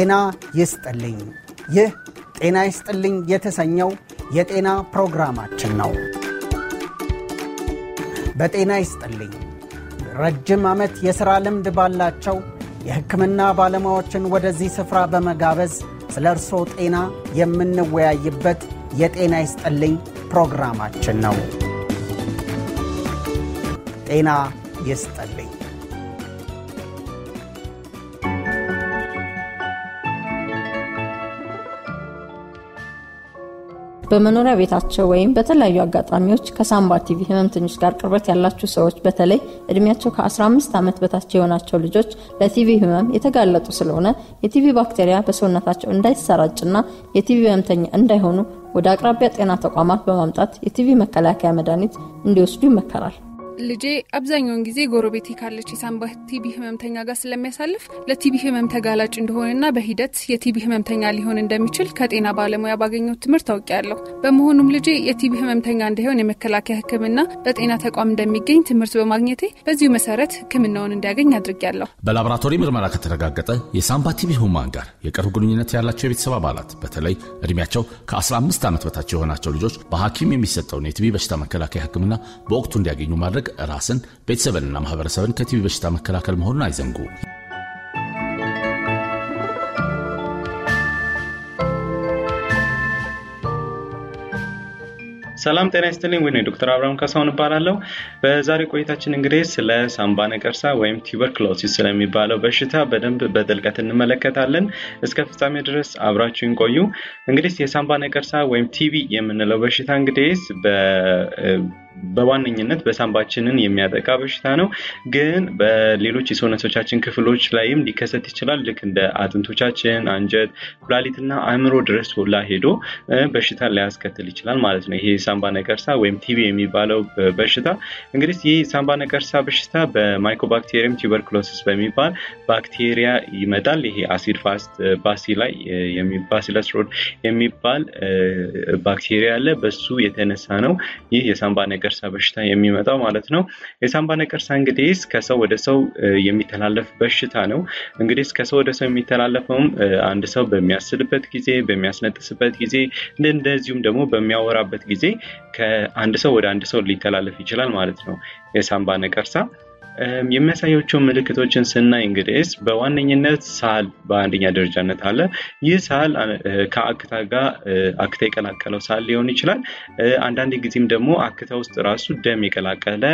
ጤና ይስጥልኝ። ይህ ጤና ይስጥልኝ የተሰኘው የጤና ፕሮግራማችን ነው። በጤና ይስጥልኝ ረጅም ዓመት የሥራ ልምድ ባላቸው የሕክምና ባለሙያዎችን ወደዚህ ስፍራ በመጋበዝ ስለ እርስዎ ጤና የምንወያይበት የጤና ይስጥልኝ ፕሮግራማችን ነው። ጤና ይስጥልኝ። በመኖሪያ ቤታቸው ወይም በተለያዩ አጋጣሚዎች ከሳምባ ቲቪ ህመምተኞች ጋር ቅርበት ያላችሁ ሰዎች በተለይ እድሜያቸው ከ15 ዓመት በታች የሆናቸው ልጆች ለቲቪ ህመም የተጋለጡ ስለሆነ የቲቪ ባክቴሪያ በሰውነታቸው እንዳይሰራጭና የቲቪ ህመምተኛ እንዳይሆኑ ወደ አቅራቢያ ጤና ተቋማት በማምጣት የቲቪ መከላከያ መድኃኒት እንዲወስዱ ይመከራል። ልጄ አብዛኛውን ጊዜ ጎረቤቴ ካለች የሳንባ ቲቢ ህመምተኛ ጋር ስለሚያሳልፍ ለቲቢ ህመም ተጋላጭ እንደሆነና በሂደት የቲቢ ህመምተኛ ሊሆን እንደሚችል ከጤና ባለሙያ ባገኘው ትምህርት አውቄያለሁ። በመሆኑም ልጄ የቲቢ ህመምተኛ እንዳይሆን የመከላከያ ህክምና በጤና ተቋም እንደሚገኝ ትምህርት በማግኘቴ በዚሁ መሰረት ህክምናውን እንዲያገኝ አድርጌያለሁ። በላቦራቶሪ ምርመራ ከተረጋገጠ የሳንባ ቲቢ ህሙማን ጋር የቅርብ ግንኙነት ያላቸው የቤተሰብ አባላት በተለይ እድሜያቸው ከ15 ዓመት በታቸው የሆናቸው ልጆች በሐኪም የሚሰጠውን የቲቢ በሽታ መከላከያ ህክምና በወቅቱ እንዲያገኙ ማድረግ ራስን፣ ቤተሰብንና ማህበረሰብን ከቲቪ በሽታ መከላከል መሆኑን አይዘንጉ። ሰላም ጤና ይስጥልኝ። ወይ ዶክተር አብርሃም ካሳሁን እባላለሁ። በዛሬ ቆይታችን እንግዲህ ስለ ሳምባ ነቀርሳ ወይም ቱበርክሎሲስ ስለሚባለው በሽታ በደንብ በጥልቀት እንመለከታለን። እስከ ፍጻሜ ድረስ አብራችሁን ቆዩ። እንግዲህ የሳምባ ነቀርሳ ወይም ቲቪ የምንለው በሽታ እንግዲህ በዋነኝነት በሳንባችንን የሚያጠቃ በሽታ ነው። ግን በሌሎች የሰውነቶቻችን ክፍሎች ላይም ሊከሰት ይችላል። ልክ እንደ አጥንቶቻችን፣ አንጀት፣ ኩላሊትና አእምሮ ድረስ ሁላ ሄዶ በሽታ ሊያስከትል ይችላል ማለት ነው። ይሄ ሳንባ ነቀርሳ ወይም ቲቪ የሚባለው በሽታ እንግዲህ ይህ ሳንባ ነቀርሳ በሽታ በማይኮባክቴሪየም ቱበርኩሎሲስ በሚባል ባክቴሪያ ይመጣል። ይሄ አሲድ ፋስት ባሲላይ ባሲለስ ሮድ የሚባል ባክቴሪያ አለ። በሱ የተነሳ ነው ይህ የሳንባ ነቀርሳ ነቀርሳ በሽታ የሚመጣው ማለት ነው። የሳምባ ነቀርሳ እንግዲህ ከሰው ወደ ሰው የሚተላለፍ በሽታ ነው። እንግዲህ ከሰው ወደ ሰው የሚተላለፈውም አንድ ሰው በሚያስልበት ጊዜ፣ በሚያስነጥስበት ጊዜ እንደዚሁም ደግሞ በሚያወራበት ጊዜ ከአንድ ሰው ወደ አንድ ሰው ሊተላለፍ ይችላል ማለት ነው የሳምባ ነቀርሳ የሚያሳያቸው ምልክቶችን ስናይ እንግዲህ በዋነኝነት ሳል በአንደኛ ደረጃነት አለ። ይህ ሳል ከአክታ ጋር አክታ የቀላቀለው ሳል ሊሆን ይችላል። አንዳንድ ጊዜም ደግሞ አክታ ውስጥ ራሱ ደም የቀላቀለ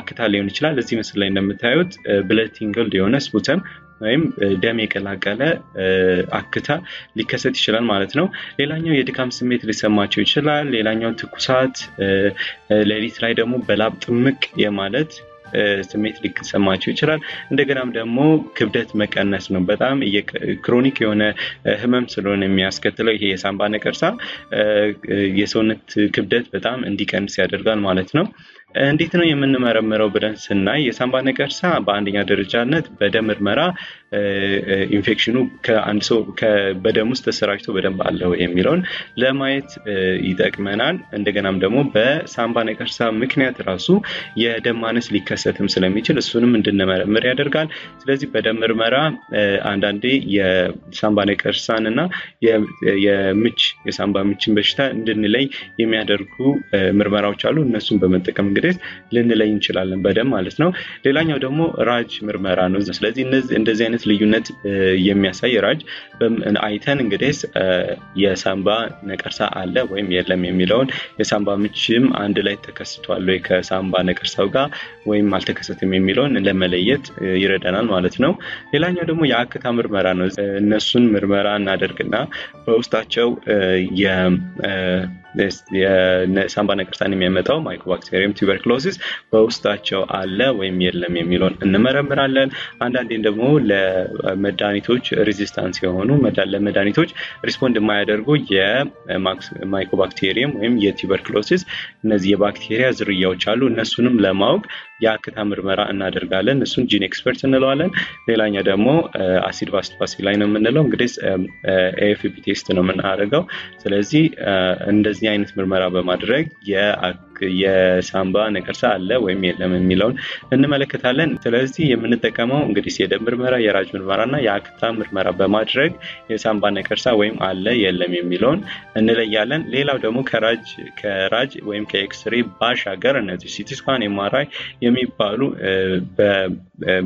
አክታ ሊሆን ይችላል። እዚህ ምስል ላይ እንደምታዩት ብለቲንግል ቲንግልድ የሆነ ወይም ደም የቀላቀለ አክታ ሊከሰት ይችላል ማለት ነው። ሌላኛው የድካም ስሜት ሊሰማቸው ይችላል። ሌላኛው ትኩሳት፣ ሌሊት ላይ ደግሞ በላብ ጥምቅ የማለት ስሜት ሊሰማቸው ይችላል። እንደገናም ደግሞ ክብደት መቀነስ ነው። በጣም ክሮኒክ የሆነ ህመም ስለሆነ የሚያስከትለው ይሄ የሳምባ ነቀርሳ የሰውነት ክብደት በጣም እንዲቀንስ ያደርጋል ማለት ነው። እንዴት ነው የምንመረምረው ብለን ስናይ የሳምባ ነቀርሳ በአንደኛ ደረጃነት በደም ምርመራ ኢንፌክሽኑ ከአንድ ሰው በደም ውስጥ ተሰራጭቶ በደንብ አለው የሚለውን ለማየት ይጠቅመናል። እንደገናም ደግሞ በሳምባ ነቀርሳ ምክንያት ራሱ የደም ማነስ ሊከሰትም ስለሚችል እሱንም እንድንመረምር ያደርጋል። ስለዚህ በደም ምርመራ አንዳንዴ የሳምባ ነቀርሳን እና የምች የሳምባ ምችን በሽታ እንድንለይ የሚያደርጉ ምርመራዎች አሉ። እነሱን በመጠቀም እንግዲህ ልንለይ እንችላለን በደም ማለት ነው። ሌላኛው ደግሞ ራጅ ምርመራ ነው። ስለዚህ እንደዚህ አይነት ልዩነት የሚያሳይ ራጅ አይተን እንግዲህ የሳምባ ነቀርሳ አለ ወይም የለም የሚለውን የሳምባ ምችም አንድ ላይ ተከስቷል ወይ ከሳምባ ነቀርሳው ጋር ወይም አልተከሰትም የሚለውን ለመለየት ይረዳናል ማለት ነው። ሌላኛው ደግሞ የአክታ ምርመራ ነው። እነሱን ምርመራ እናደርግና በውስጣቸው የሳምባ ነቀርሳን የሚያመጣው ማይኮባክቴሪየም ቱበርክሎሲስ በውስጣቸው አለ ወይም የለም የሚለውን እንመረምራለን። አንዳንዴም ደግሞ ለመድኃኒቶች ሬዚስታንስ የሆኑ ለመድኃኒቶች ሪስፖንድ የማያደርጉ የማይኮባክቴሪየም ወይም የቱበርክሎሲስ እነዚህ የባክቴሪያ ዝርያዎች አሉ። እነሱንም ለማወቅ የአክታ ምርመራ እናደርጋለን። እሱን ጂን ኤክስፐርት እንለዋለን። ሌላኛ ደግሞ አሲድ ፋስት ላይ ነው የምንለው። እንግዲህ ኤኤፍፒ ቴስት ነው የምናደርገው። ስለዚህ እንደዚህ አይነት ምርመራ በማድረግ የሳምባ ነቀርሳ አለ ወይም የለም የሚለውን እንመለከታለን። ስለዚህ የምንጠቀመው እንግዲህ የደም ምርመራ፣ የራጅ ምርመራና የአክታ ምርመራ በማድረግ የሳምባ ነቀርሳ ወይም አለ የለም የሚለውን እንለያለን። ሌላው ደግሞ ከራጅ ከራጅ ወይም ከኤክስሬ ባሻገር እነዚህ ሲቲስኳን ኤምአርአይ የሚባሉ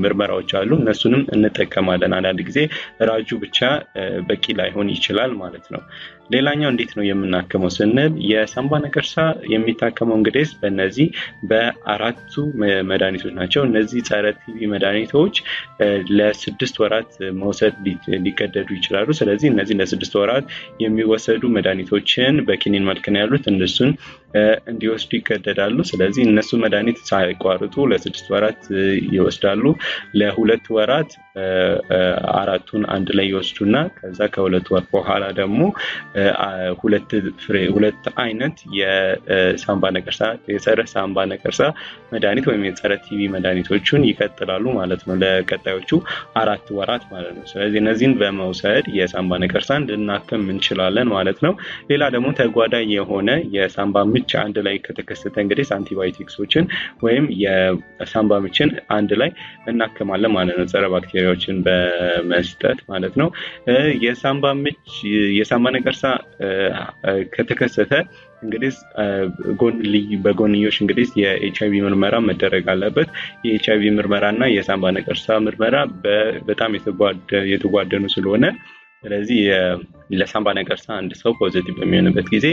ምርመራዎች አሉ። እነሱንም እንጠቀማለን። አንዳንድ ጊዜ ራጁ ብቻ በቂ ላይሆን ይችላል ማለት ነው። ሌላኛው እንዴት ነው የምናክመው ስንል የሳምባ ነቀርሳ የሚታከመው እንግዲህ በእነዚህ በአራቱ መድኃኒቶች ናቸው። እነዚህ ጸረ ቲቪ መድኃኒቶች ለስድስት ወራት መውሰድ ሊገደዱ ይችላሉ። ስለዚህ እነዚህ ለስድስት ወራት የሚወሰዱ መድኃኒቶችን በኪኒን መልክ ነው ያሉት፣ እነሱን እንዲወስዱ ይገደዳሉ። ስለዚህ እነሱ መድኃኒት ሳይቋርጡ ለስድስት ወራት ይወስዳሉ። ለሁለት ወራት አራቱን አንድ ላይ ይወስዱና ከዛ ከሁለት ወር በኋላ ደግሞ ሁለት አይነት የሳምባ ነቀርሳ የጸረ ሳምባ ነቀርሳ መድኃኒት ወይም የጸረ ቲቪ መድኃኒቶችን ይቀጥላሉ ማለት ነው ለቀጣዮቹ አራት ወራት ማለት ነው። ስለዚህ እነዚህን በመውሰድ የሳምባ ነቀርሳን ልናክም እንችላለን ማለት ነው። ሌላ ደግሞ ተጓዳኝ የሆነ የሳምባ ምች አንድ ላይ ከተከሰተ እንግዲህ አንቲባዮቲክሶችን ወይም የሳምባ ምችን አንድ ላይ እናክማለን ማለት ነው። ጸረ ባክቴሪያዎችን በመስጠት ማለት ነው። የሳምባ ምች የሳምባ ነቀርሳ ከተከሰተ እንግዲህ በጎንዮሽ እንግዲህ የኤች አይቪ ምርመራ መደረግ አለበት። የኤችአይቪ አይቪ ምርመራ እና የሳምባ ነቀርሳ ምርመራ በጣም የተጓደኑ ስለሆነ ስለዚህ ለሳምባ ነቀርሳ አንድ ሰው ፖዘቲቭ በሚሆንበት ጊዜ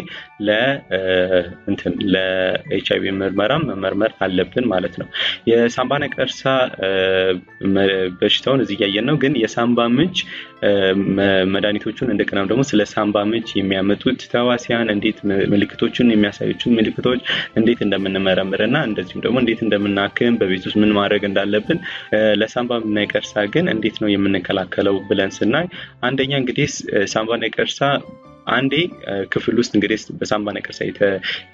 ለእንትን ለኤች አይ ቪ መመርመር አለብን ማለት ነው። የሳምባ ነቀርሳ በሽታውን እዚህ እያየን ነው። ግን የሳምባ ምንጭ መድኃኒቶቹን እንደቀናም ደግሞ ስለ ሳምባ ምንጭ የሚያመጡት ተዋሲያን እንዴት ምልክቶቹን የሚያሳዩችን ምልክቶች እንዴት እንደምንመረምር እና እንደዚሁም ደግሞ እንዴት እንደምናክም በቤት ውስጥ ምን ማድረግ እንዳለብን ለሳምባ ነቀርሳ ግን እንዴት ነው የምንከላከለው ብለን ስናይ አንደኛ እንግዲህ ሳምባ ነቀርሳ አንዴ ክፍል ውስጥ እንግዲህ በሳምባ ነቀርሳ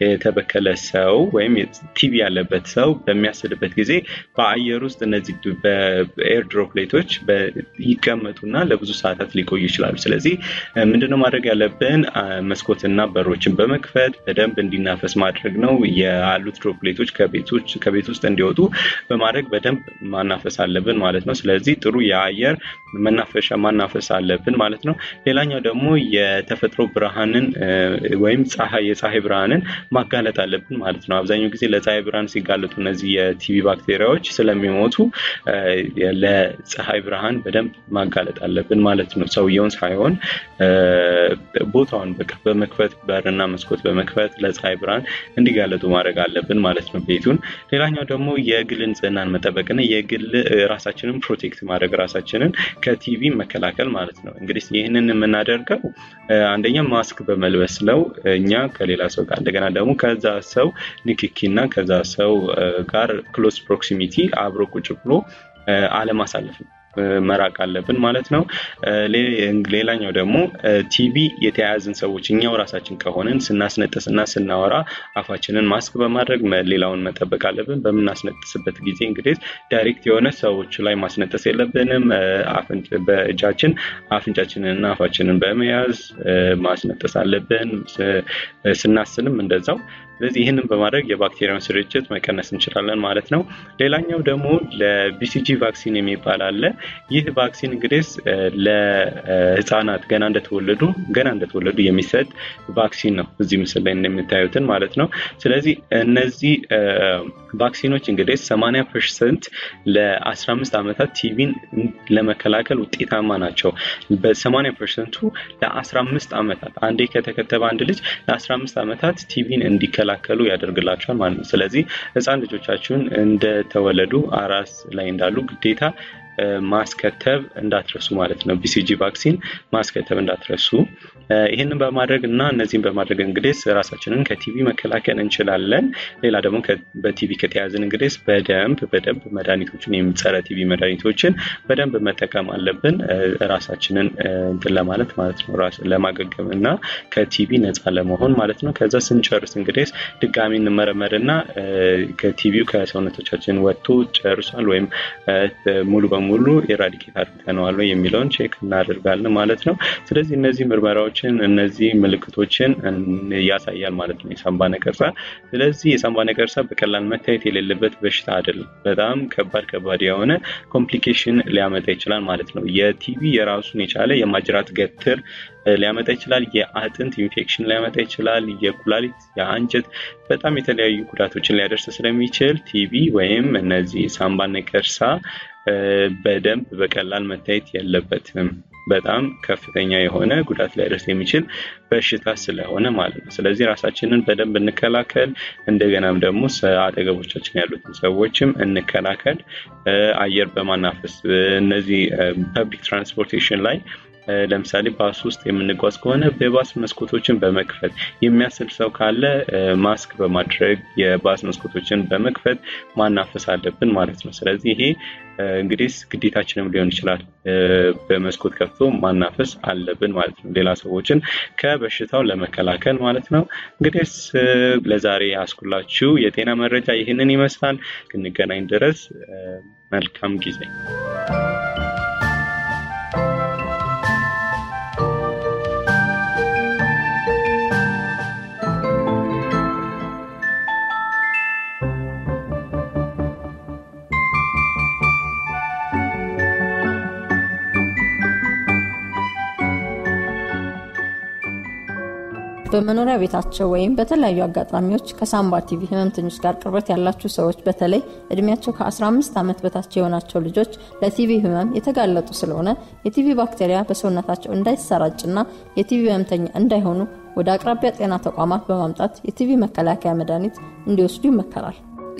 የተበከለ ሰው ወይም ቲቪ ያለበት ሰው በሚያስልበት ጊዜ በአየር ውስጥ እነዚህ በኤር ድሮፕሌቶች ይቀመጡና ለብዙ ሰዓታት ሊቆዩ ይችላሉ። ስለዚህ ምንድነው ማድረግ ያለብን? መስኮትና በሮችን በመክፈት በደንብ እንዲናፈስ ማድረግ ነው። ያሉት ድሮፕሌቶች ከቤት ውስጥ እንዲወጡ በማድረግ በደንብ ማናፈስ አለብን ማለት ነው። ስለዚህ ጥሩ የአየር መናፈሻ ማናፈስ አለብን ማለት ነው። ሌላኛው ደግሞ የተፈጥሮ ብርሃንን ወይም የፀሐይ ብርሃንን ማጋለጥ አለብን ማለት ነው። አብዛኛው ጊዜ ለፀሐይ ብርሃን ሲጋለጡ እነዚህ የቲቪ ባክቴሪያዎች ስለሚሞቱ ለፀሐይ ብርሃን በደንብ ማጋለጥ አለብን ማለት ነው። ሰውየውን ሳይሆን ቦታውን በቃ በመክፈት በርና መስኮት በመክፈት ለፀሐይ ብርሃን እንዲጋለጡ ማድረግ አለብን ማለት ነው ቤቱን። ሌላኛው ደግሞ የግል ንጽህናን መጠበቅና የግል ራሳችንን ፕሮቴክት ማድረግ ራሳችንን ከቲቪ መከላከል ማለት ነው። እንግዲህ ይህንን የምናደርገው አንደኛ አንደኛ ማስክ በመልበስ ነው እኛ ከሌላ ሰው ጋር እንደገና ደግሞ ከዛ ሰው ንክኪና ከዛ ሰው ጋር ክሎስ ፕሮክሲሚቲ አብሮ ቁጭ ብሎ አለማሳለፍ ነው። መራቅ አለብን ማለት ነው። ሌላኛው ደግሞ ቲቪ የተያያዝን ሰዎች እኛው ራሳችን ከሆንን ስናስነጥስ እና ስናወራ አፋችንን ማስክ በማድረግ ሌላውን መጠበቅ አለብን። በምናስነጥስበት ጊዜ እንግዲህ ዳይሬክት የሆነ ሰዎች ላይ ማስነጠስ የለብንም። በእጃችን አፍንጫችንን እና አፋችንን በመያዝ ማስነጠስ አለብን። ስናስልም እንደዛው ስለዚህ ይህንን በማድረግ የባክቴሪያውን ስርጭት መቀነስ እንችላለን ማለት ነው። ሌላኛው ደግሞ ለቢሲጂ ቫክሲን የሚባል አለ። ይህ ቫክሲን እንግዲህ ለህፃናት ገና እንደተወለዱ ገና እንደተወለዱ የሚሰጥ ቫክሲን ነው። እዚህ ምስል ላይ እንደሚታዩትን ማለት ነው። ስለዚህ እነዚህ ቫክሲኖች እንግዲህ 8 ፐርሰንት ለ15 ዓመታት ቲቪን ለመከላከል ውጤታማ ናቸው። በ8 ፐርሰንቱ ለ15 ዓመታት አንዴ ከተከተበ አንድ ልጅ ለ15 ዓመታት ቲቪን እንዲከላከል እንዲከላከሉ ያደርግላቸዋል ማለት ነው። ስለዚህ ህፃን ልጆቻችሁን እንደተወለዱ አራስ ላይ እንዳሉ ግዴታ ማስከተብ እንዳትረሱ ማለት ነው። ቢሲጂ ቫክሲን ማስከተብ እንዳትረሱ። ይህንን በማድረግ እና እነዚህን በማድረግ እንግዲህ ራሳችንን ከቲቪ መከላከል እንችላለን። ሌላ ደግሞ በቲቪ ከተያዝን እንግዲህ በደንብ በደንብ መድኃኒቶችን የሚጸረ ቲቪ መድኃኒቶችን በደንብ መጠቀም አለብን ራሳችንን እንትን ለማለት ማለት ነው ለማገገም እና ከቲቪ ነፃ ለመሆን ማለት ነው። ከዛ ስንጨርስ እንግዲህ ድጋሚ እንመረመርና ከቲቪው ከሰውነቶቻችን ወጥቶ ጨርሷል ወይም ሙሉ በሙሉ በሙሉ ኤራዲኬት አድርገነዋል የሚለውን ቼክ እናደርጋለን ማለት ነው። ስለዚህ እነዚህ ምርመራዎችን እነዚህ ምልክቶችን ያሳያል ማለት ነው የሳምባ ነቀርሳ። ስለዚህ የሳምባ ነቀርሳ በቀላል መታየት የሌለበት በሽታ አይደለም። በጣም ከባድ ከባድ የሆነ ኮምፕሊኬሽን ሊያመጣ ይችላል ማለት ነው። የቲቪ የራሱን የቻለ የማጅራት ገትር ሊያመጣ ይችላል። የአጥንት ኢንፌክሽን ሊያመጣ ይችላል። የኩላሊት፣ የአንጀት በጣም የተለያዩ ጉዳቶችን ሊያደርስ ስለሚችል ቲቪ ወይም እነዚህ ሳምባ ነቀርሳ በደንብ በቀላል መታየት የለበትም። በጣም ከፍተኛ የሆነ ጉዳት ሊያደርስ የሚችል በሽታ ስለሆነ ማለት ነው። ስለዚህ ራሳችንን በደንብ እንከላከል። እንደገናም ደግሞ አጠገቦቻችን ያሉትን ሰዎችም እንከላከል። አየር በማናፈስ እነዚህ ፐብሊክ ትራንስፖርቴሽን ላይ ለምሳሌ ባስ ውስጥ የምንጓዝ ከሆነ የባስ መስኮቶችን በመክፈት የሚያስል ሰው ካለ ማስክ በማድረግ የባስ መስኮቶችን በመክፈት ማናፈስ አለብን ማለት ነው። ስለዚህ ይሄ እንግዲህ ግዴታችንም ሊሆን ይችላል። በመስኮት ከፍቶ ማናፈስ አለብን ማለት ነው። ሌላ ሰዎችን ከበሽታው ለመከላከል ማለት ነው። እንግዲህ ለዛሬ አስኩላችሁ የጤና መረጃ ይህንን ይመስላል። እስክንገናኝ ድረስ መልካም ጊዜ በመኖሪያ ቤታቸው ወይም በተለያዩ አጋጣሚዎች ከሳምባ ቲቪ ህመምተኞች ጋር ቅርበት ያላችሁ ሰዎች በተለይ እድሜያቸው ከ15 ዓመት በታች የሆናቸው ልጆች ለቲቪ ህመም የተጋለጡ ስለሆነ የቲቪ ባክቴሪያ በሰውነታቸው እንዳይሰራጭና የቲቪ ህመምተኛ እንዳይሆኑ ወደ አቅራቢያ ጤና ተቋማት በማምጣት የቲቪ መከላከያ መድኃኒት እንዲወስዱ ይመከራል።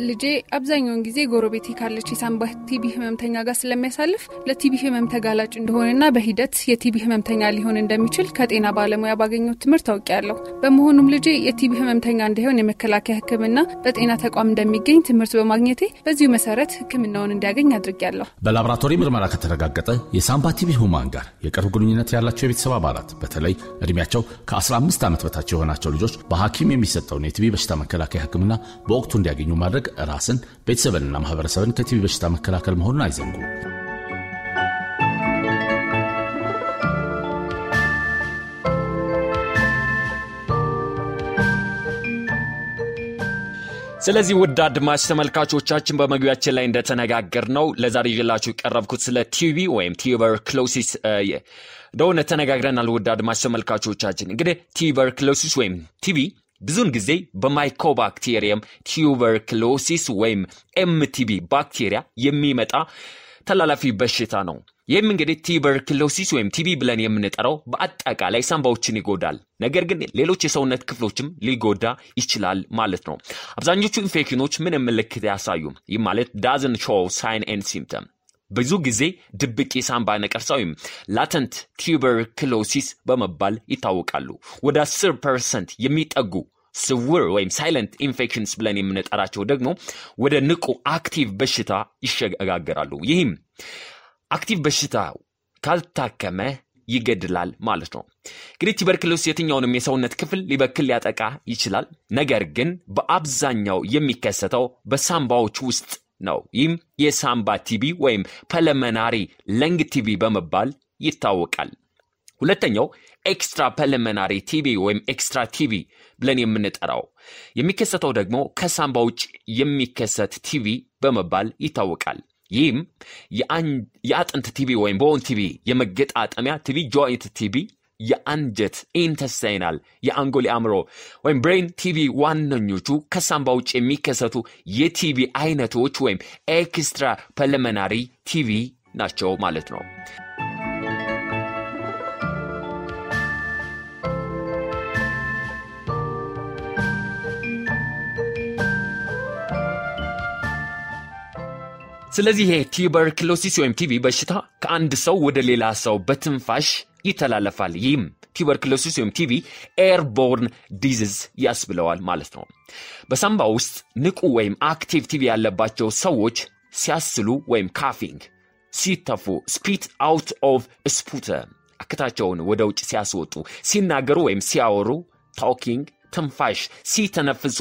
ልጄ አብዛኛውን ጊዜ ጎረቤቴ ካለች የሳንባ ቲቢ ህመምተኛ ጋር ስለሚያሳልፍ ለቲቢ ህመም ተጋላጭ እንደሆነና በሂደት የቲቢ ህመምተኛ ሊሆን እንደሚችል ከጤና ባለሙያ ባገኘው ትምህርት አውቄያለሁ። በመሆኑም ልጄ የቲቢ ህመምተኛ እንዳይሆን የመከላከያ ህክምና በጤና ተቋም እንደሚገኝ ትምህርት በማግኘቴ በዚሁ መሰረት ህክምናውን እንዲያገኝ አድርጌያለሁ። በላቦራቶሪ ምርመራ ከተረጋገጠ የሳንባ ቲቢ ህሙማን ጋር የቅርብ ግንኙነት ያላቸው የቤተሰብ አባላት በተለይ እድሜያቸው ከ15 ዓመት በታቸው የሆናቸው ልጆች በሐኪም የሚሰጠውን የቲቢ በሽታ መከላከያ ህክምና በወቅቱ እንዲያገኙ ማድረግ ማድረግ ራስን፣ ቤተሰብንና ማህበረሰብን ከቲቪ በሽታ መከላከል መሆኑን አይዘንጉ። ስለዚህ ውድ አድማጭ ተመልካቾቻችን በመግቢያችን ላይ እንደተነጋገር ነው ለዛሬ ይላችሁ የቀረብኩት ስለ ቲቪ ወይም ቲዩበርክሎሲስ እንደሆነ ተነጋግረናል። ውድ አድማጭ ተመልካቾቻችን እንግዲህ ቲዩበርክሎሲስ ወይም ቲቪ ብዙውን ጊዜ በማይኮባክቴሪየም ቲዩበርክሎሲስ ወይም ኤምቲቢ ባክቴሪያ የሚመጣ ተላላፊ በሽታ ነው። ይህም እንግዲህ ቲበርክሎሲስ ወይም ቲቢ ብለን የምንጠራው በአጠቃላይ ሳንባዎችን ይጎዳል። ነገር ግን ሌሎች የሰውነት ክፍሎችም ሊጎዳ ይችላል ማለት ነው። አብዛኞቹ ኢንፌክሽኖች ምንም ምልክት አያሳዩም። ይህ ማለት ዳዝን ሾው ሳይን ኤንድ ሲምፕተም ብዙ ጊዜ ድብቅ የሳምባ ነቀርሳ ወይም ላተንት ቱበርክሎሲስ በመባል ይታወቃሉ። ወደ 10 ፐርሰንት የሚጠጉ ስውር ወይም ሳይለንት ኢንፌክሽንስ ብለን የምንጠራቸው ደግሞ ወደ ንቁ አክቲቭ በሽታ ይሸጋገራሉ። ይህም አክቲቭ በሽታ ካልታከመ ይገድላል ማለት ነው። እንግዲህ ቲበርክሎስ የትኛውንም የሰውነት ክፍል ሊበክል ሊያጠቃ ይችላል። ነገር ግን በአብዛኛው የሚከሰተው በሳምባዎች ውስጥ ነው። ይህም የሳምባ ቲቢ ወይም ፐለመናሪ ለንግ ቲቢ በመባል ይታወቃል። ሁለተኛው ኤክስትራ ፐለመናሪ ቲቢ ወይም ኤክስትራ ቲቢ ብለን የምንጠራው የሚከሰተው ደግሞ ከሳምባ ውጭ የሚከሰት ቲቢ በመባል ይታወቃል። ይህም የአጥንት ቲቢ ወይም ቦን ቲቢ፣ የመገጣጠሚያ ቲቢ ጆይንት ቲቢ የአንጀት ኢንተስታይናል የአንጎል አእምሮ ወይም ብሬን ቲቪ ዋነኞቹ ከሳምባ ውጭ የሚከሰቱ የቲቪ አይነቶች ወይም ኤክስትራ ፐለመናሪ ቲቪ ናቸው ማለት ነው። ስለዚህ ይሄ ወይም ቲቪ በሽታ ከአንድ ሰው ወደ ሌላ ሰው በትንፋሽ ይተላለፋል። ይህም ቲበርክሎሲስ ወይም ቲቪ ኤርቦርን ዲዝዝ ያስብለዋል ማለት ነው። በሳምባ ውስጥ ንቁ ወይም አክቲቭ ቲቪ ያለባቸው ሰዎች ሲያስሉ ወይም ካፊንግ፣ ሲተፉ፣ ስፒት አውት ኦፍ ስፑተ አክታቸውን ወደ ውጭ ሲያስወጡ፣ ሲናገሩ ወይም ሲያወሩ ታኪንግ ትንፋሽ ሲተነፍሱ፣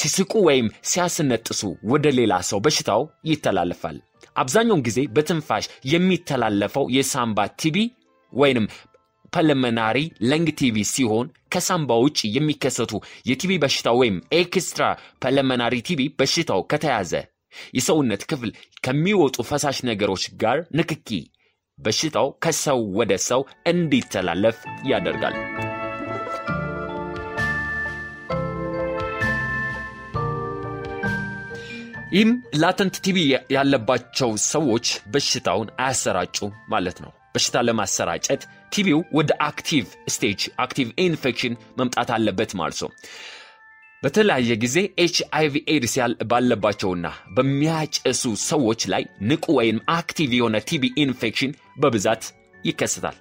ሲስቁ ወይም ሲያስነጥሱ ወደ ሌላ ሰው በሽታው ይተላለፋል። አብዛኛውን ጊዜ በትንፋሽ የሚተላለፈው የሳምባ ቲቪ ወይንም ፐለመናሪ ለንግ ቲቪ ሲሆን ከሳምባ ውጭ የሚከሰቱ የቲቪ በሽታ ወይም ኤክስትራ ፐለመናሪ ቲቪ በሽታው ከተያዘ የሰውነት ክፍል ከሚወጡ ፈሳሽ ነገሮች ጋር ንክኪ በሽታው ከሰው ወደ ሰው እንዲተላለፍ ያደርጋል። ይህም ላተንት ቲቪ ያለባቸው ሰዎች በሽታውን አያሰራጩ ማለት ነው። በሽታ ለማሰራጨት ቲቢው ወደ አክቲቭ ስቴጅ አክቲቭ ኢንፌክሽን መምጣት አለበት ማለት ነው። በተለያየ ጊዜ ኤች አይቪ ኤድስ ባለባቸውና በሚያጨሱ ሰዎች ላይ ንቁ ወይም አክቲቭ የሆነ ቲቢ ኢንፌክሽን በብዛት ይከሰታል።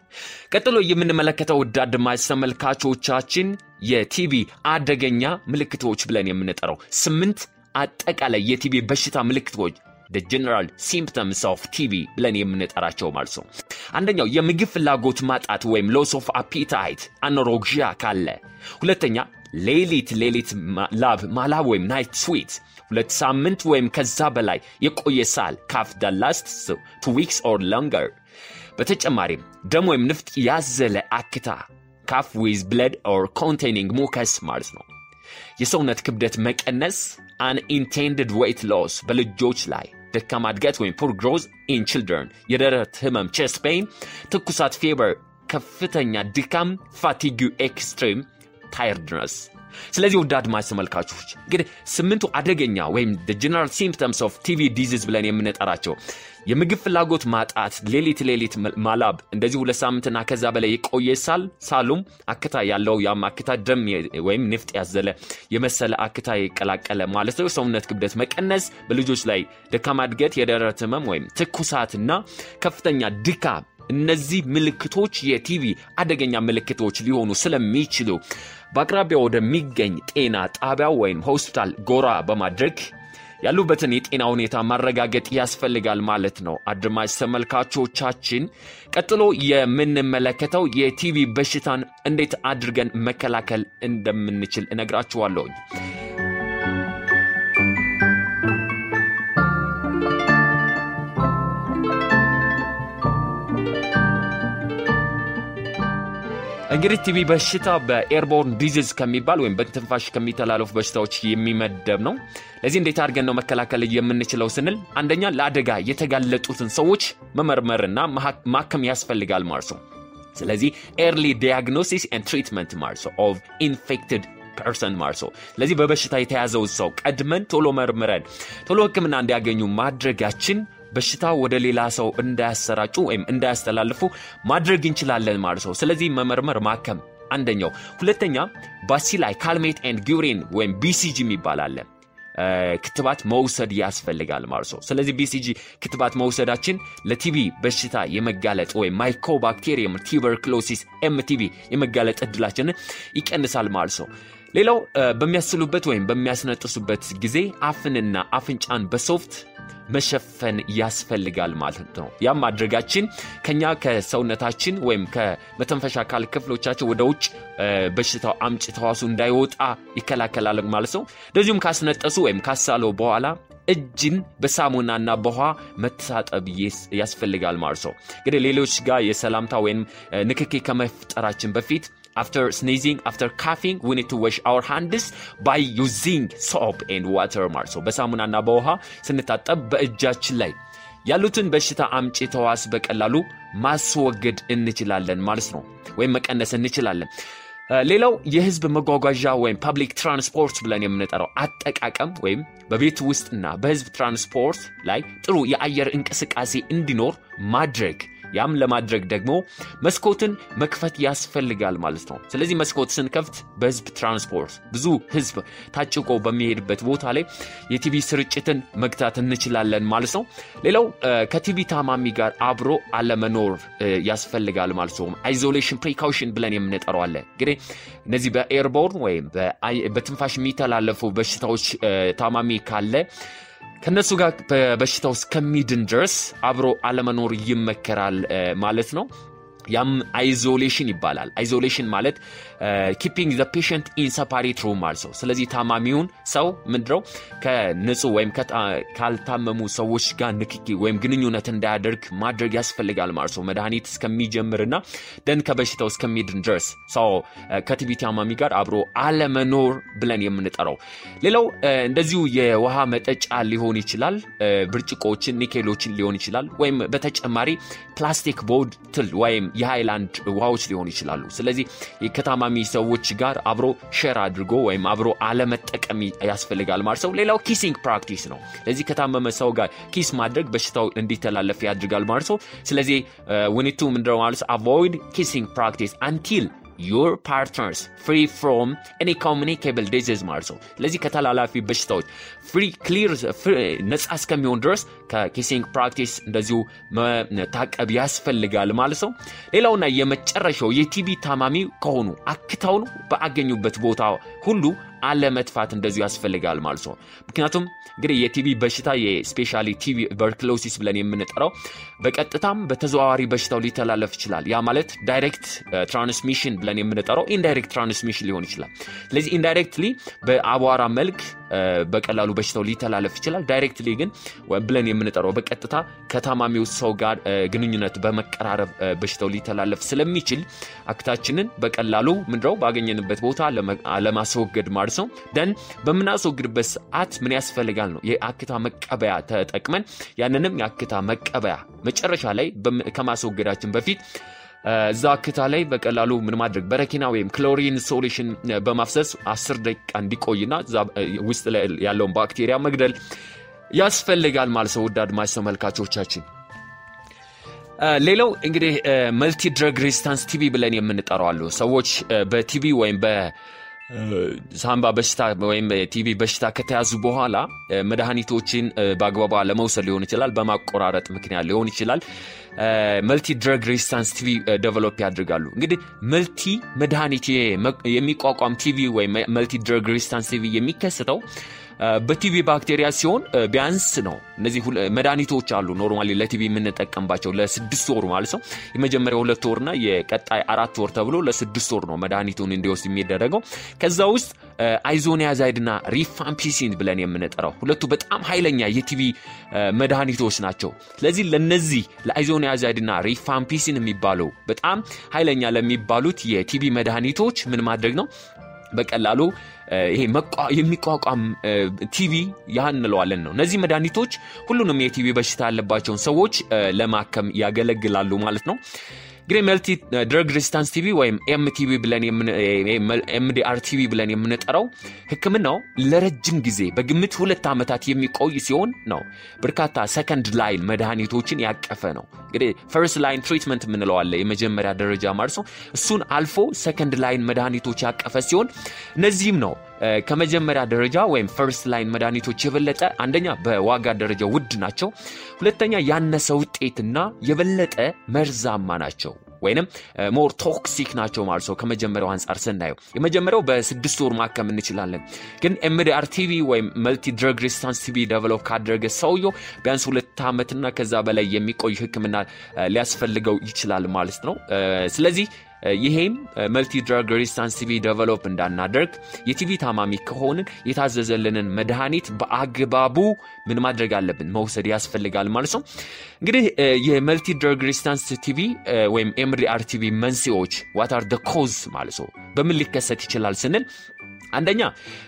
ቀጥሎ የምንመለከተው ውድ አድማጭ ተመልካቾቻችን የቲቢ አደገኛ ምልክቶች ብለን የምንጠራው ስምንት አጠቃላይ የቲቢ በሽታ ምልክቶች ጀነራል ሲምፕተምስ ኦፍ ቲቪ ብለን የምንጠራቸው ማለት ነው። አንደኛው የምግብ ፍላጎት ማጣት ወይም ሎስ ኦፍ አፒታይት አኖሮግዣ ካለ፣ ሁለተኛ ሌሊት ሌሊት ላብ ማላብ ወይም ናይት ስዊት ሁለት ሳምንት ወይም ከዛ በላይ የቆየ ሳል ካፍ ደ ላስት ቱ ዊክስ ኦር ሎንገር። በተጨማሪም ደም ወይም ንፍጥ ያዘለ አክታ ካፍ ዊዝ ብለድ ኦር ኮንቴኒንግ ሙከስ ማለት ነው። የሰውነት ክብደት መቀነስ አንኢንቴንድድ ኢንቴንድድ ዌይት ሎስ በልጆች ላይ ደካማ እድገት ወይም ፑር ግሮዝ ኢን ችልድረን፣ የደረት ህመም ቼስት ፔይን፣ ትኩሳት፣ ፌበር፣ ከፍተኛ ድካም ፋቲጊ ኤክስትሪም ታይርድነስ ስለዚህ ውድ አድማጭ ተመልካቾች እንግዲህ ስምንቱ አደገኛ ወይም ጀነራል ሲምፕተምስ ኦፍ ቲቪ ዲዚዝ ብለን የምንጠራቸው የምግብ ፍላጎት ማጣት፣ ሌሊት ሌሊት ማላብ፣ እንደዚህ ሁለት ሳምንትና ከዛ በላይ የቆየ ሳል ሳሉም አክታ ያለው ያም አክታ ደም ወይም ንፍጥ ያዘለ የመሰለ አክታ የቀላቀለ ማለት ነው። ሰውነት ክብደት መቀነስ፣ በልጆች ላይ ደካማ እድገት፣ የደረት ህመም ወይም ትኩሳትና ከፍተኛ ድካ እነዚህ ምልክቶች የቲቪ አደገኛ ምልክቶች ሊሆኑ ስለሚችሉ በአቅራቢያው ወደሚገኝ ጤና ጣቢያ ወይም ሆስፒታል ጎራ በማድረግ ያሉበትን የጤና ሁኔታ ማረጋገጥ ያስፈልጋል ማለት ነው። አድማጭ ተመልካቾቻችን፣ ቀጥሎ የምንመለከተው የቲቪ በሽታን እንዴት አድርገን መከላከል እንደምንችል እነግራችኋለሁኝ። እንግዲህ ቲቪ በሽታ በኤርቦርን ዲዚዝ ከሚባል ወይም በትንፋሽ ከሚተላለፉ በሽታዎች የሚመደብ ነው። ለዚህ እንዴት አድርገን ነው መከላከል የምንችለው ስንል አንደኛ ለአደጋ የተጋለጡትን ሰዎች መመርመርና ማከም ያስፈልጋል ማርሶ። ስለዚህ ኤርሊ ዲያግኖሲስ ኤንድ ትሪትመንት ማርሶ ኦፍ ኢንፌክትድ ፐርሰን ማርሶ። ስለዚህ በበሽታ የተያዘው ሰው ቀድመን ቶሎ መርምረን ቶሎ ሕክምና እንዲያገኙ ማድረጋችን በሽታ ወደ ሌላ ሰው እንዳያሰራጩ ወይም እንዳያስተላልፉ ማድረግ እንችላለን ማለት ነው። ስለዚህ መመርመር ማከም አንደኛው። ሁለተኛ ባሲላይ ካልሜት ኤንድ ጊውሪን ወይም ቢሲጂ የሚባል አለ ክትባት መውሰድ ያስፈልጋል ማለት ነው። ስለዚህ ቢሲጂ ክትባት መውሰዳችን ለቲቢ በሽታ የመጋለጥ ወይም ማይኮባክቴሪየም ቱበርክሎሲስ ኤምቲቢ የመጋለጥ እድላችንን ይቀንሳል ማለት ነው። ሌላው በሚያስሉበት ወይም በሚያስነጥሱበት ጊዜ አፍንና አፍንጫን በሶፍት መሸፈን ያስፈልጋል ማለት ነው። ያም ማድረጋችን ከኛ ከሰውነታችን ወይም ከመተንፈሻ አካል ክፍሎቻችን ወደ ውጭ በሽታው አምጪ ተዋሱ እንዳይወጣ ይከላከላል ማለት ነው። እንደዚሁም ካስነጠሱ ወይም ካሳለው በኋላ እጅን በሳሙናና በውሃ መታጠብ ያስፈልጋል ማለት ነው። እንግዲህ ሌሎች ጋር የሰላምታ ወይም ንክኬ ከመፍጠራችን በፊት after sneezing, after coughing, we need to wash our hands by using soap and water ማለት ነው። በሳሙናና በውሃ ስንታጠብ በእጃችን ላይ ያሉትን በሽታ አምጪ ተዋስ በቀላሉ ማስወገድ እንችላለን ማለት ነው፣ ወይም መቀነስ እንችላለን። ሌላው የህዝብ መጓጓዣ ወይም ፐብሊክ ትራንስፖርት ብለን የምንጠራው አጠቃቀም ወይም በቤት ውስጥና በህዝብ ትራንስፖርት ላይ ጥሩ የአየር እንቅስቃሴ እንዲኖር ማድረግ ያም ለማድረግ ደግሞ መስኮትን መክፈት ያስፈልጋል ማለት ነው። ስለዚህ መስኮት ስንከፍት በህዝብ ትራንስፖርት ብዙ ህዝብ ታጭቆ በሚሄድበት ቦታ ላይ የቲቪ ስርጭትን መግታት እንችላለን ማለት ነው። ሌላው ከቲቪ ታማሚ ጋር አብሮ አለመኖር ያስፈልጋል ማለት ነው። አይዞሌሽን ፕሪካውሽን ብለን የምንጠራው አለ። እንግዲህ እነዚህ በኤርቦርን ወይም በትንፋሽ የሚተላለፉ በሽታዎች ታማሚ ካለ ከነሱ ጋር በበሽታው እስከሚድን ድረስ አብሮ አለመኖር ይመከራል ማለት ነው። ያም አይዞሌሽን ይባላል። አይዞሌሽን ማለት ኪፒንግ ዘ ፔሽንት ኢን ሰፓሬት ሩም አልሰው። ስለዚህ ታማሚውን ሰው ምንድረው ከንጹህ ወይም ካልታመሙ ሰዎች ጋር ንክኪ ወይም ግንኙነት እንዳያደርግ ማድረግ ያስፈልጋል ማለት ሰው መድኃኒት እስከሚጀምርና ደን ከበሽታው እስከሚድን ድረስ ሰው ከቲቢ ታማሚ ጋር አብሮ አለመኖር ብለን የምንጠራው። ሌላው እንደዚሁ የውሃ መጠጫ ሊሆን ይችላል፣ ብርጭቆችን፣ ኒኬሎችን ሊሆን ይችላል። ወይም በተጨማሪ ፕላስቲክ ቦትል ወይም የሃይላንድ ውሃዎች ሊሆኑ ይችላሉ። ስለዚህ ከታማሚ ሰዎች ጋር አብሮ ሸር አድርጎ ወይም አብሮ አለመጠቀም ያስፈልጋል ማለት ሰው። ሌላው ኪሲንግ ፕራክቲስ ነው። ስለዚህ ከታመመ ሰው ጋር ኪስ ማድረግ በሽታው እንዲተላለፍ ያድርጋል ማለት ሰው። ስለዚህ ውኒቱ uh, ምንድነው ማለት አቮይድ ኪሲንግ ፕራክቲስ አንቲል ዩር ፓርትነርስ free ፍሮም ኤኒ ኮሚኒኬብል ዲዚዝ ማለት ነው። ስለዚህ ከተላላፊ በሽታዎች ፍሪ ክሊር ነፃ እስከሚሆን ድረስ ከኪሲንግ ፕራክቲስ እንደዚሁ መታቀብ ያስፈልጋል ማለት ነው። ሌላውና የመጨረሻው የቲቢ ታማሚ ከሆኑ አክታውን በአገኙበት ቦታ ሁሉ አለመጥፋት እንደዚሁ ያስፈልጋል ማለት ነው። ምክንያቱም እንግዲህ የቲቢ በሽታ የስፔሻሊ ቲቢ ቱበርክሎሲስ ብለን የምንጠራው በቀጥታም በተዘዋዋሪ በሽታው ሊተላለፍ ይችላል። ያ ማለት ዳይሬክት ትራንስሚሽን uh, ብለን የምንጠራው ኢንዳይሬክት ትራንስሚሽን ሊሆን ይችላል። ስለዚህ ኢንዳይሬክትሊ በአቧራ መልክ uh, በቀላሉ በሽታው ሊተላለፍ ይችላል። ዳይሬክትሊ ግን ብለን የምንጠራው በቀጥታ ከታማሚው ሰው ጋር uh, ግንኙነት በመቀራረብ በሽታው ሊተላለፍ ስለሚችል አክታችንን በቀላሉ ምንድነው ባገኘንበት ቦታ ለማስወገድ ማለት ነው። ደን በምናስወግድበት ሰዓት ምን ያስፈልጋል ነው የአክታ መቀበያ ተጠቅመን ያንንም የአክታ መቀበያ መጨረሻ ላይ ከማስወገዳችን በፊት እዛ ክታ ላይ በቀላሉ ምን ማድረግ በረኪና ወይም ክሎሪን ሶሉሽን በማፍሰስ አስር ደቂቃ እንዲቆይና እዛ ውስጥ ላይ ያለውን ባክቴሪያ መግደል ያስፈልጋል ማለት ሰው ወዳድ ማሽ ተመልካቾቻችን። ሌላው እንግዲህ መልቲ ድረግ ሬዚስታንስ ቲቪ ብለን የምንጠራው ሰዎች በቲቪ ወይም ሳምባ በሽታ ወይም ቲቪ በሽታ ከተያዙ በኋላ መድኃኒቶችን በአግባቡ ለመውሰድ ሊሆን ይችላል፣ በማቆራረጥ ምክንያት ሊሆን ይችላል። መልቲ ድረግ ሬዚስታንስ ቲቪ ደቨሎፕ ያደርጋሉ። እንግዲህ መልቲ መድኃኒት የሚቋቋም ቲቪ ወይም መልቲ ድረግ ሬዚስታንስ ቲቪ የሚከሰተው በቲቪ ባክቴሪያ ሲሆን ቢያንስ ነው እነዚህ መድኃኒቶች አሉ ኖርማሊ ለቲቪ የምንጠቀምባቸው ለስድስት ወር ማለት ነው። የመጀመሪያ ሁለት ወርና የቀጣይ አራት ወር ተብሎ ለስድስት ወር ነው መድኃኒቱን እንዲወስድ የሚደረገው። ከዛ ውስጥ አይዞኒያዛይድና ሪፋምፒሲን ብለን የምንጠራው ሁለቱ በጣም ኃይለኛ የቲቪ መድኃኒቶች ናቸው። ስለዚህ ለነዚህ ለአይዞኒያዛይድና ሪፋምፒሲን የሚባለው በጣም ኃይለኛ ለሚባሉት የቲቪ መድኃኒቶች ምን ማድረግ ነው በቀላሉ ይሄ የሚቋቋም ቲቪ ያህ እንለዋለን ነው። እነዚህ መድኃኒቶች ሁሉንም የቲቪ በሽታ ያለባቸውን ሰዎች ለማከም ያገለግላሉ ማለት ነው። እንግዲህ መልቲ ድረግ ሬዚስታንስ ቲቪ ወይም ኤምቲቪ ብለን ኤምዲአር ቲቪ ብለን የምንጠራው ህክምናው ለረጅም ጊዜ በግምት ሁለት ዓመታት የሚቆይ ሲሆን ነው በርካታ ሰከንድ ላይን መድኃኒቶችን ያቀፈ ነው። እንግዲህ ፈርስት ላይን ትሪትመንት የምንለዋለ የመጀመሪያ ደረጃ ማርሶ እሱን አልፎ ሰከንድ ላይን መድኃኒቶች ያቀፈ ሲሆን እነዚህም ነው ከመጀመሪያ ደረጃ ወይም ፈርስት ላይን መድኃኒቶች የበለጠ አንደኛ በዋጋ ደረጃ ውድ ናቸው፣ ሁለተኛ ያነሰ ውጤትና የበለጠ መርዛማ ናቸው ወይንም ሞር ቶክሲክ ናቸው ማለት ሰው ከመጀመሪያው አንጻር ስናየው የመጀመሪያው በስድስት ወር ማከም እንችላለን። ግን ኤምዲአር ቲቪ ወይም መልቲ ድረግ ሬስታንስ ቲቪ ደቨሎፕ ካደረገ ሰውየው ቢያንስ ሁለት ዓመትና ከዛ በላይ የሚቆይ ሕክምና ሊያስፈልገው ይችላል ማለት ነው። ስለዚህ ይሄም መልቲ ድራግ ሬዚስታንስ ቲቪ ደቨሎፕ እንዳናደርግ የቲቪ ታማሚ ከሆንን የታዘዘልንን መድኃኒት በአግባቡ ምን ማድረግ አለብን? መውሰድ ያስፈልጋል ማለት ነው። እንግዲህ የመልቲ ድራግ ሬዚስታንስ ቲቪ ወይም ኤምሪአር ቲቪ መንስኤዎች ዋታር ደ ኮዝ ማለት ነው። በምን ሊከሰት ይችላል ስንል አንደኛ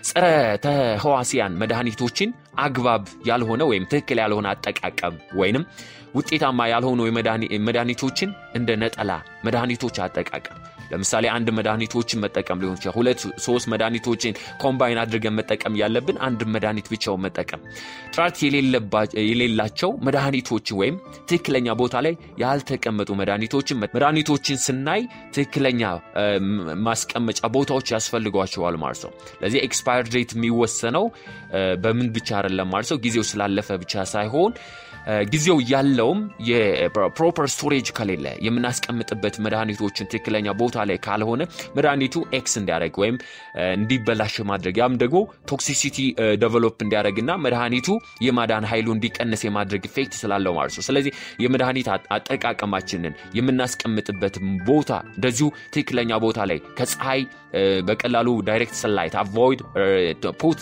ጸረ ተህዋሲያን መድኃኒቶችን አግባብ ያልሆነ ወይም ትክክል ያልሆነ አጠቃቀም ወይንም ውጤታማ ያልሆኑ መድኃኒቶችን እንደ ነጠላ መድኃኒቶች አጠቃቀም ለምሳሌ አንድ መድኃኒቶችን መጠቀም ሊሆን ይችላል። ሁለት ሶስት መድኃኒቶችን ኮምባይን አድርገን መጠቀም ያለብን አንድ መድኃኒት ብቻውን መጠቀም፣ ጥራት የሌላቸው መድኃኒቶችን ወይም ትክክለኛ ቦታ ላይ ያልተቀመጡ መድኃኒቶችን መድኃኒቶችን ስናይ ትክክለኛ ማስቀመጫ ቦታዎች ያስፈልጓቸዋል ማለት ነው። ለዚህ ኤክስፓየር ዴት የሚወሰነው በምን ብቻ አይደለም ማለት ነው፣ ጊዜው ስላለፈ ብቻ ሳይሆን ጊዜው ያለውም የፕሮፐር ስቶሬጅ ከሌለ የምናስቀምጥበት መድኃኒቶችን ትክክለኛ ቦታ ላይ ካልሆነ መድኃኒቱ ኤክስ እንዲያደርግ ወይም እንዲበላሽ ማድረግ ያም ደግሞ ቶክሲሲቲ ደቨሎፕ እንዲያደርግና መድኃኒቱ የማዳን ኃይሉ እንዲቀንስ የማድረግ ኢፌክት ስላለው ማለት ነው። ስለዚህ የመድኃኒት አጠቃቀማችንን የምናስቀምጥበት ቦታ እንደዚሁ ትክክለኛ ቦታ ላይ ከፀሐይ በቀላሉ ዳይሬክት ሰላይት አቮይድ ፑት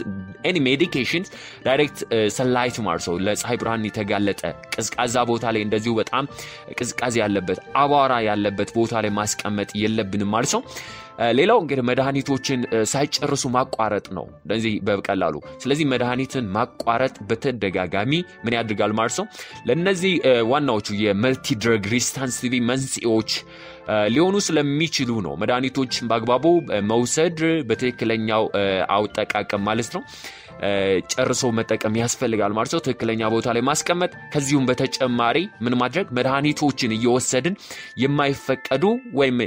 ኤኒ ሜዲኬሽን ዳይሬክት ሰላይት ማለት ነው ለፀሐይ ብርሃን የተጋለ የበለጠ ቅዝቃዛ ቦታ ላይ እንደዚሁ በጣም ቅዝቃዜ ያለበት አቧራ ያለበት ቦታ ላይ ማስቀመጥ የለብንም ማለት ነው። ሌላው እንግዲህ መድኃኒቶችን ሳይጨርሱ ማቋረጥ ነው እንደዚህ በቀላሉ። ስለዚህ መድኃኒትን ማቋረጥ በተደጋጋሚ ምን ያድርጋል ማለት ነው ለእነዚህ ዋናዎቹ የመልቲ ድረግ ሪስታንስ መንስኤዎች ሊሆኑ ስለሚችሉ ነው። መድኃኒቶችን በአግባቡ መውሰድ በትክክለኛው አውጠቃቀም ማለት ነው። ጨርሶ መጠቀም ያስፈልጋል ማለት ነው። ትክክለኛ ቦታ ላይ ማስቀመጥ። ከዚሁም በተጨማሪ ምን ማድረግ መድኃኒቶችን እየወሰድን የማይፈቀዱ ወይም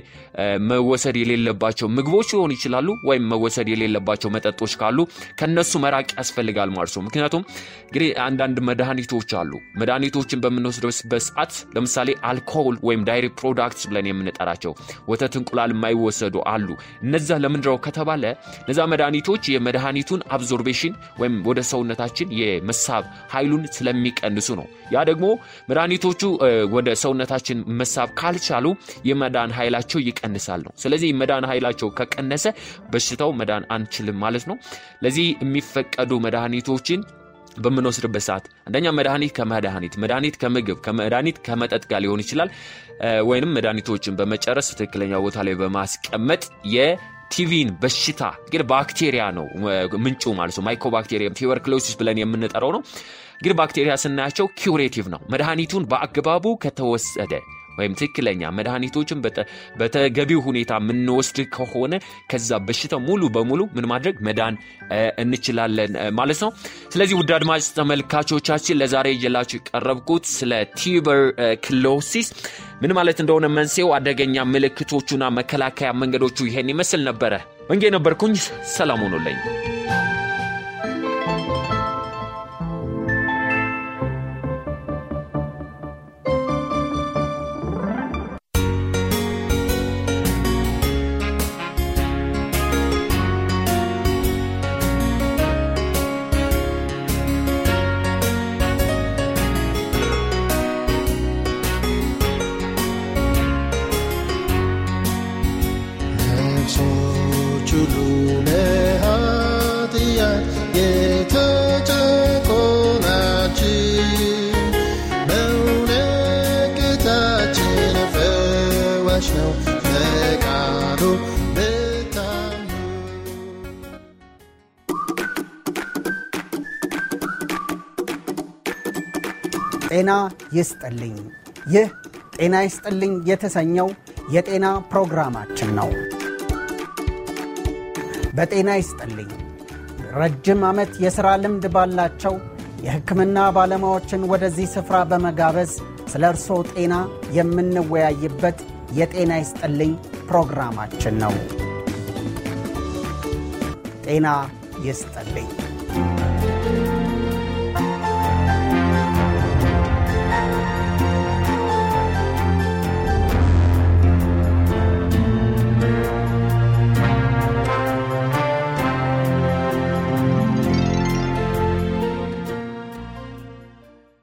መወሰድ የሌለባቸው ምግቦች ሊሆኑ ይችላሉ፣ ወይም መወሰድ የሌለባቸው መጠጦች ካሉ ከነሱ መራቅ ያስፈልጋል ማለት ነው። ምክንያቱም እንግዲህ አንዳንድ መድኃኒቶች አሉ። መድኃኒቶችን በምንወስድበት ሰዓት ለምሳሌ አልኮል ወይም ዳይሪ ፕሮዳክትስ ብለን የምንጠራቸው ወተት፣ እንቁላል የማይወሰዱ አሉ። እነዛ ለምንድረው ከተባለ እነዛ መድኃኒቶች የመድኃኒቱን አብዞርቤሽን ወይም ወደ ሰውነታችን የመሳብ ኃይሉን ስለሚቀንሱ ነው። ያ ደግሞ መድኃኒቶቹ ወደ ሰውነታችን መሳብ ካልቻሉ የመዳን ኃይላቸው ይቀንሳል ነው። ስለዚህ መዳን ኃይላቸው ከቀነሰ በሽታው መዳን አንችልም ማለት ነው። ለዚህ የሚፈቀዱ መድኃኒቶችን በምንወስድበት ሰዓት አንደኛ መድኃኒት ከመድኃኒት መድኃኒት ከምግብ ከመድኃኒት ከመጠጥ ጋር ሊሆን ይችላል። ወይንም መድኃኒቶችን በመጨረስ ትክክለኛ ቦታ ላይ በማስቀመጥ ቲቪን በሽታ ግን ባክቴሪያ ነው ምንጩ ማለት ነው። ማይኮባክቴሪየም ቲበርክሎሲስ ብለን የምንጠራው ነው። ግን ባክቴሪያ ስናያቸው ኪውሬቲቭ ነው። መድኃኒቱን በአግባቡ ከተወሰደ ወይም ትክክለኛ መድኃኒቶችን በተገቢው ሁኔታ የምንወስድ ከሆነ ከዛ በሽታ ሙሉ በሙሉ ምን ማድረግ መዳን እንችላለን ማለት ነው። ስለዚህ ውድ አድማጭ ተመልካቾቻችን ለዛሬ እየላችሁ የቀረብኩት ስለ ቲዩበር ክሎሲስ ምን ማለት እንደሆነ፣ መንስኤው፣ አደገኛ ምልክቶቹና መከላከያ መንገዶቹ ይሄን ይመስል ነበረ። መንጌ ነበርኩኝ። ሰላም ሆኖልኝ ጤና ይስጥልኝ። ይህ ጤና ይስጥልኝ የተሰኘው የጤና ፕሮግራማችን ነው። በጤና ይስጥልኝ ረጅም ዓመት የሥራ ልምድ ባላቸው የሕክምና ባለሙያዎችን ወደዚህ ስፍራ በመጋበዝ ስለ እርስዎ ጤና የምንወያይበት የጤና ይስጥልኝ ፕሮግራማችን ነው። ጤና ይስጥልኝ።